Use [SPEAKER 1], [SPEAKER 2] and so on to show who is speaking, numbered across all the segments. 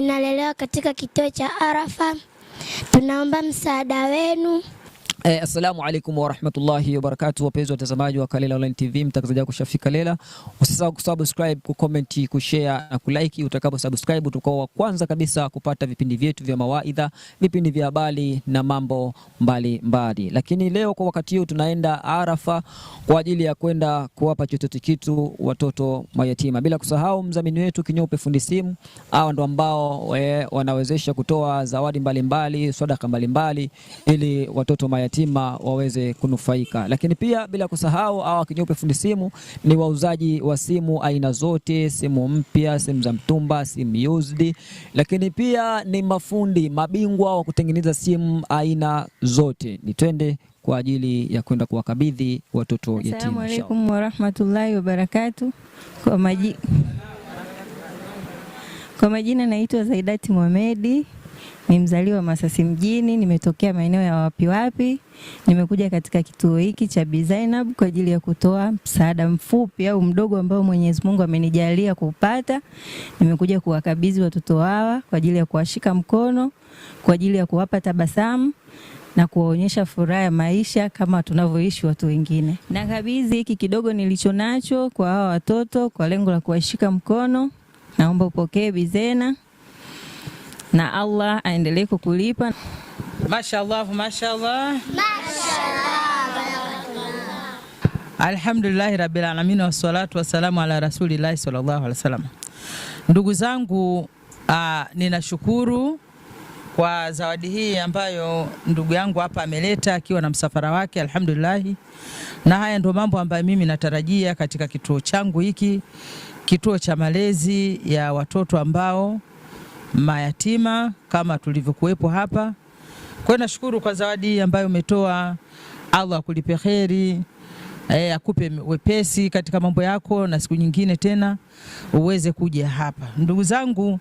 [SPEAKER 1] Ninalelewa katika kituo cha Arafa. Tunaomba msaada wenu.
[SPEAKER 2] Eh, assalamu alaikum warahmatullahi wabarakatu, wapenzi watazamaji wa Kalela Online TV, mtangazaji wako Shafika Lela. Usisahau kusubscribe, kucomment, kushare na kulike. Utakapo subscribe utakuwa wa kwanza kabisa kupata vipindi vyetu vya mawaidha, vipindi vya habari na mambo mbalimbali mbali. Lakini leo kwa wakati huu tunaenda Arafa kwa ajili ya kwenda kuwapa chochote kitu watoto mayatima, bila kusahau mzamini wetu Kinyope Fundi Simu. Hawa ndo ambao we, eh, wanawezesha kutoa zawadi mbalimbali, sadaka mbalimbali ili watoto mayatima mayatima waweze kunufaika, lakini pia bila kusahau au Kinyupe fundi simu ni wauzaji wa simu aina zote, simu mpya, simu za mtumba, simu used, lakini pia ni mafundi mabingwa wa kutengeneza simu aina zote. Ni twende kwa ajili ya kwenda kuwakabidhi watoto yatima. Asalamu
[SPEAKER 3] alaykum warahmatullahi wabarakatuh. Kwa majina naitwa Zaidati Mohamedi ni mzaliwa Masasi mjini, nimetokea maeneo ya wapi wapi. Nimekuja katika kituo hiki cha Bi Zainab kwa ajili ya kutoa msaada mfupi au mdogo ambao Mwenyezi Mungu amenijalia kupata. Nimekuja kuwakabidhi watoto hawa kwa ajili ya kuwashika mkono, kwa ajili ya kuwapa tabasamu na kuwaonyesha furaha ya maisha kama tunavyoishi watu wengine. Nakabidhi hiki kidogo nilicho nacho kwa hawa watoto kwa lengo la kuwashika mkono. Naomba upokee Bi Zena na Allah aendelee kukulipa.
[SPEAKER 4] Mashallah, mashallah, mashallah. Alhamdulillah rabbil alamin wassalatu wassalamu ala rasulillahi sallallahu alaihi wasallam. Ndugu zangu, uh, ninashukuru kwa zawadi hii ambayo ndugu yangu hapa ameleta akiwa na msafara wake alhamdulillahi. Na haya ndio mambo ambayo mimi natarajia katika kituo changu hiki, kituo cha malezi ya watoto ambao mayatima kama tulivyokuwepo hapa. Kwa hiyo nashukuru kwa zawadi ambayo umetoa. Allah akulipe kheri, e, akupe wepesi katika mambo yako, na siku nyingine tena uweze kuja hapa. Ndugu zangu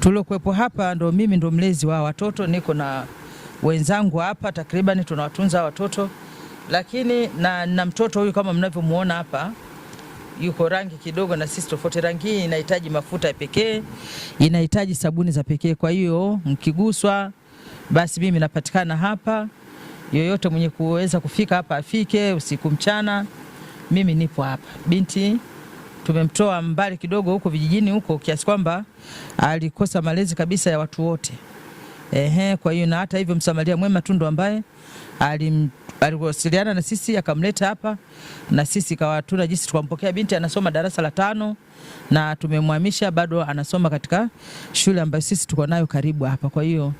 [SPEAKER 4] tuliokuwepo hapa, ndo mimi ndo mlezi wa watoto, niko na wenzangu hapa, takriban tunawatunza watoto, lakini na, na mtoto huyu kama mnavyomuona hapa yuko rangi kidogo na sisi tofauti. Rangi hii inahitaji mafuta ya pekee, inahitaji sabuni za pekee. Kwa hiyo mkiguswa, basi mimi napatikana hapa. Yoyote mwenye kuweza kufika hapa afike, usiku mchana, mimi nipo hapa. Binti tumemtoa mbali kidogo huko vijijini huko, kiasi kwamba alikosa malezi kabisa ya watu wote. Ehe, kwa hiyo na hata hivyo msamaria mwema tundo ambaye alim aliwasiliana na sisi akamleta hapa na sisi kawa tuna jinsi, tukampokea binti, anasoma darasa la tano na tumemhamisha, bado anasoma katika shule ambayo sisi tuko nayo karibu hapa. Kwa hiyo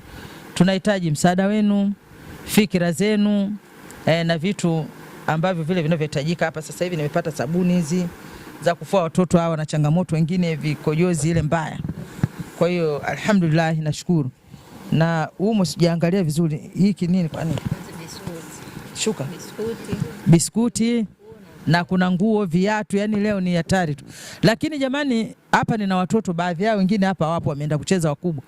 [SPEAKER 4] tunahitaji msaada wenu, fikira zenu eh, na vitu ambavyo vile vinavyohitajika hapa sasa hivi. Nimepata sabuni hizi za kufua watoto hawa na changamoto wengine vikojozi ile mbaya. Kwa hiyo alhamdulillah, nashukuru na humo sijaangalia vizuri hiki nini, kwani shuka biskuti, biskuti na kuna nguo, viatu, yani leo ni hatari tu. Lakini jamani, hapa nina watoto baadhi yao, wengine hapa wapo wameenda kucheza, wakubwa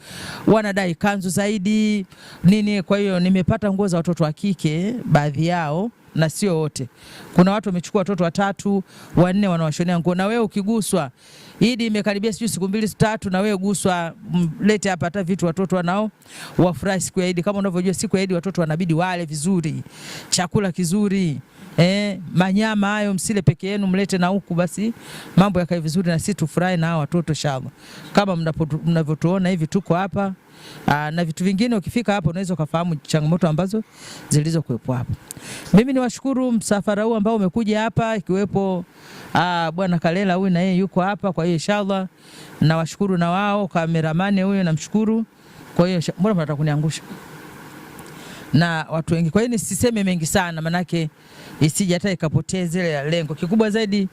[SPEAKER 4] wanadai kanzu zaidi nini. Kwa hiyo nimepata nguo za watoto wa kike baadhi yao na sio wote. Kuna watu wamechukua watoto watatu wanne, wanawashonea nguo. Na wewe ukiguswa, Idi imekaribia sijui siku mbili tatu, na wewe guswa, mlete hapa hata vitu watoto wanao wafurahi siku ya Idi. Kama unavyojua siku ya Idi watoto wanabidi wale vizuri, chakula kizuri eh, manyama hayo msile peke yenu, mlete na huku, basi mambo yakae vizuri na sisi tufurahi na hao watoto shaba. Kama mnavyotuona hivi tuko hapa aa, ah, na vitu vingine, ukifika hapa unaweza ukafahamu changamoto ambazo zilizokuwepo hapa. Mimi niwashukuru msafara huu ambao umekuja hapa, ikiwepo ah, bwana Kalela huyu na yeye yuko hapa, kwa hiyo inshallah nawashukuru na wao, kameramani huyu namshukuru. Kwa hiyo mbona mnataka kuniangusha? na watu wengi. Kwa hiyo nisiseme mengi sana, manake isije hata ikapotee zile lengo. Kikubwa zaidi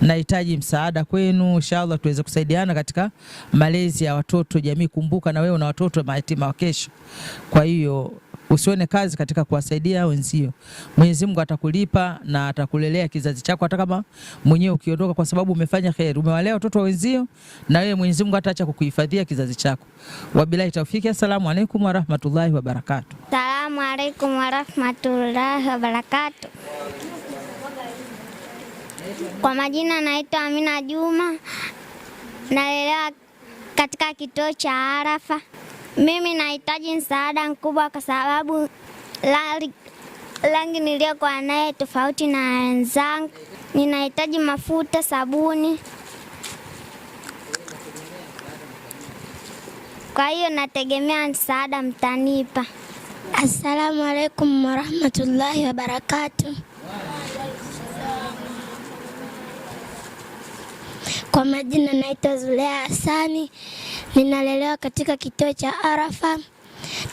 [SPEAKER 4] nahitaji msaada kwenu, inshallah tuweze kusaidiana katika malezi ya watoto. Jamii, kumbuka na wewe una watoto mayatima wa kesho, kwa hiyo usione kazi katika kuwasaidia wenzio. Mwenyezi Mungu atakulipa na atakulelea kizazi chako, hata kama mwenyewe ukiondoka, kwa sababu umefanya khair, umewalea watoto wa wenzio, na wewe Mwenyezi Mungu ataacha kukuhifadhia kizazi chako. Wabillahi taufiki, assalamu alaikum warahmatullahi wabarakatuh
[SPEAKER 1] alaikum warahmatullahi wabarakatu. Kwa majina naitwa Amina Juma, nalelewa katika kituo cha Arafa. Mimi nahitaji msaada mkubwa kwa sababu rangi niliyokuwa naye tofauti na wenzangu. Ninahitaji mafuta, sabuni kwa hiyo nategemea msaada mtanipa.
[SPEAKER 5] Assalamu alaikum warahmatullahi wabarakatu Kwa majina naitwa Zulea Hasani, ninalelewa katika kituo cha Arafa.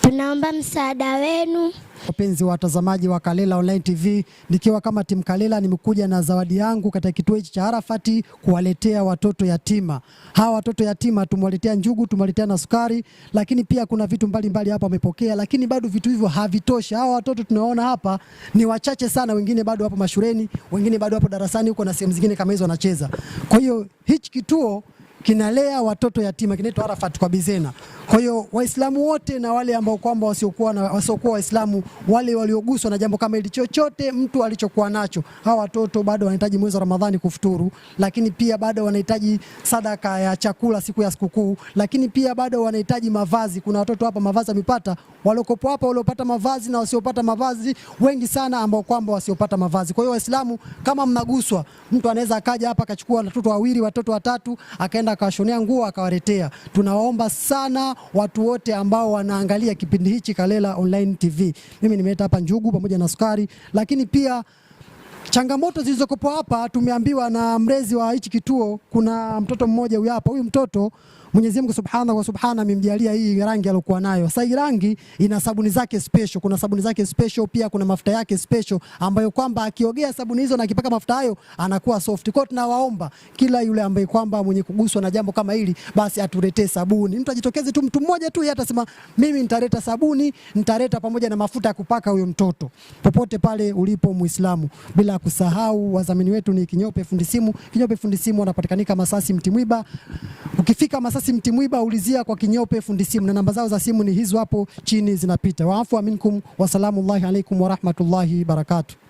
[SPEAKER 5] Tunaomba msaada wenu.
[SPEAKER 2] Wapenzi wa watazamaji wa Kalela Online TV, nikiwa kama timu Kalela nimekuja na zawadi yangu katika kituo hichi cha Arafati kuwaletea watoto yatima. Hawa watoto yatima tumewaletea njugu, tumewaletea na sukari, lakini pia kuna vitu mbalimbali hapa wamepokea, lakini bado vitu hivyo havitoshi. Hawa watoto tunaona hapa ni wachache sana, wengine bado wapo mashuleni, wengine bado wapo darasani huko na sehemu zingine kama hizo wanacheza. Kwa hiyo hichi kituo kinalea watoto yatima, kinaitwa Arafat kwa Bizena. Kwa hiyo Waislamu wote na wale ambao kwamba wasiokuwa na wasiokuwa Waislamu, wale walioguswa na jambo kama hili, chochote mtu alichokuwa nacho, hawa watoto bado wanahitaji mwezi wa Ramadhani kufuturu, lakini pia bado wanahitaji sadaka ya chakula siku ya sikukuu, lakini pia bado wanahitaji mavazi. Kuna watoto hapa mavazi amepata, walokopo hapa waliopata mavazi na wasiopata mavazi, wengi sana ambao kwamba wasiopata mavazi. Kwa hiyo Waislamu, kama mnaguswa, mtu anaweza akaja hapa akachukua watoto wawili, watoto watatu, akaenda akawashonea nguo akawaletea. Tunawaomba sana watu wote ambao wanaangalia kipindi hichi Kalela Online TV. Mimi nimeleta hapa njugu pamoja na sukari, lakini pia changamoto zilizokopo hapa, tumeambiwa na mlezi wa hichi kituo, kuna mtoto mmoja huyu hapa, huyu mtoto Mwenyezi Mungu Subhanahu wa Subhana amemjalia hii rangi aliyokuwa nayo. Sasa hii rangi ina sabuni zake special, kuna sabuni zake special, pia kuna mafuta yake special ambayo kwamba akiogea sabuni hizo na akipaka mafuta hayo anakuwa soft. Kwa hiyo tunawaomba kila yule ambaye kwamba mwenye kuguswa na jambo kama hili basi atuletee sabuni. Mtu ajitokeze tu mtu mmoja tu yeye atasema mimi nitaleta sabuni, nitaleta pamoja na mafuta ya kupaka huyo mtoto. Popote pale ulipo Muislamu. Bila kusahau wadhamini wetu ni Kinyope Fundi Simu. Kinyope Fundi Simu wanapatikanika Masasi Mtimwiba. Ukifika Masasi Elias Mtimwiba, ulizia kwa kinyope fundi simu, na namba zao za simu ni hizo hapo chini zinapita. Waafu aminkum, wasalamu alaykum wa rahmatullahi barakatuh.